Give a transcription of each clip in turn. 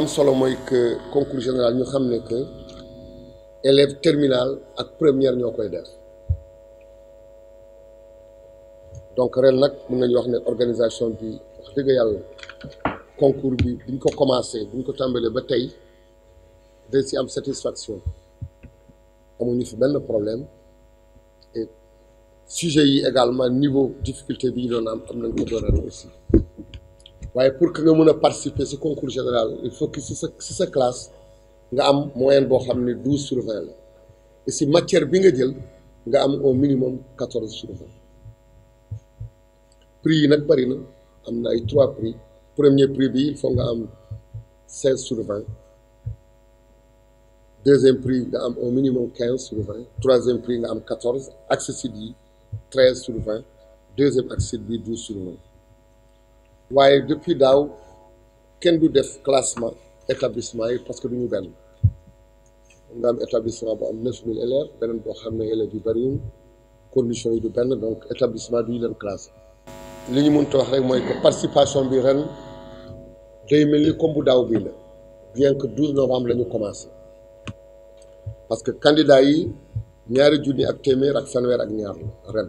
am solo moy que concours général ñu xamné que élève terminale ak première ñokoy def donc rel nak mën nañu wax né organisation bi wax dëgg yàlla concours bi biñ ko commencé biñ ko tambalé ba tay dañ ci am satisfaction amu ñu fi benn problème et sujet yi également niveau difficulté bi ñu doon am am nañ ko doon aussi waaye pour é é que eu mën a participer si geral. il faut que si sa classe nga moyen moyenne 12 douze sur vingt la et si matière bi nga jël nga au minimum quatorze sur vingt prix yi nag bëri na am na ay trois prix premier prix bi il faut nga am sur vingt deuxième prix nga au minimum quinze sur vingt troisième prix nga quatorze accessible yi sur vingt deuxième accessible douze sur vingt waaye depuis daaw kenn du def classement établissement yi parce que du ñu benn nga am établissement bu am 9000 élèves beneen boo xam ne élèves yu bëriwul conditions yi du benn donc établissement du ñu leen classé. li ñu mënta wax rek mooy que participation bi ren day mel ni comme bu daaw bii la bien que 12 novembre la ñu commencé parce que candidat yi ñaari junni ak téeméer ak fanweer ak ñaar la ren.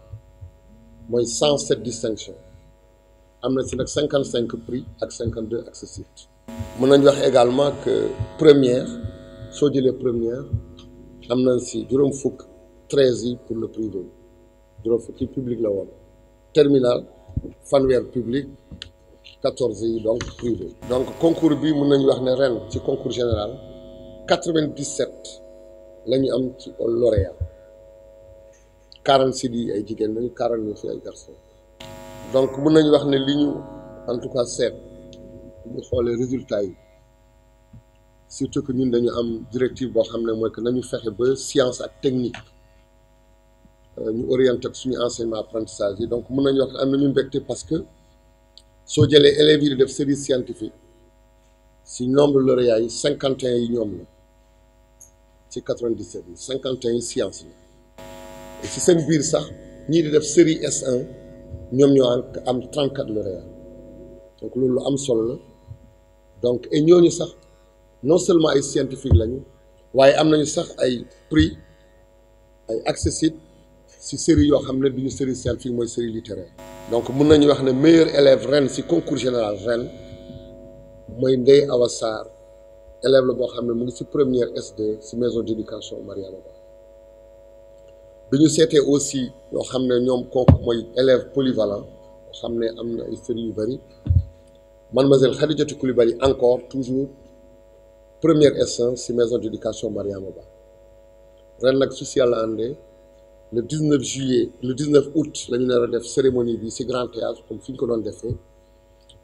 a 107 distinctions, il ci 55 prix ak 52 accessibles. mën nañu wax également que première so jëlee première am nañ ci 13 e pour le privé l'eau. fukk public la won terminal fanware public 14 yi donc privé. donc concours bi mën wax concours général 97 lañu am lauréat. 40 et ay jigéen et 40 ñu fi ay garçon donc mën avons wax ne en tout cas seet bu les résultats surtout que nous avons am directive boo xam ne que nañu fexe ba science ak technique euh, ñu orienté suñu enseignement apprentissage donc mën nañu wax am nañu parce que a les élèves de di def scientifique si nombre lauréat yi 51 yi c'est 97 51 sciences ci seen biir sax ñii di def série S1 ñoom ñoo am 34 lauréats donc loolu lu am solo la donc et ñooñu sax non seulement ay scientifiques, lañu waaye am nañu sax ay prix ay accessible ci série yoo xam ne du ñu série scientifique mooy série littéraire. donc mun nañu wax ne meilleur élève ren ci concours général ren mooy Ndeye Awa Sarr élève la boo xam ne mu ci première S2 ci maison d'éducation Mariama Ba nous ñu aussi yoo xam ne ñoom kooku mooy élève polyvalent yoo xam ne am na ay yu bëri mademoiselle encore toujours première essence, ci maison d'éducation Mariama Ba ren nag su si le 19 juillet le 19 août la ñu nar a cérémonie bi ci grand théâtre comme fi ñu ko doon defee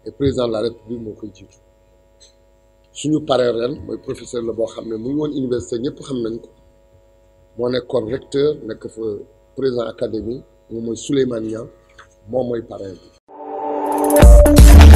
et président de la république moo koy jiitu suñu paree ren mooy professeur la boo xam ne mu ngi woon université ñëpp xam nañ ko. moo nekkoon recteur nekk fa président académie moom mooy Souleymane moo mooy parrain bi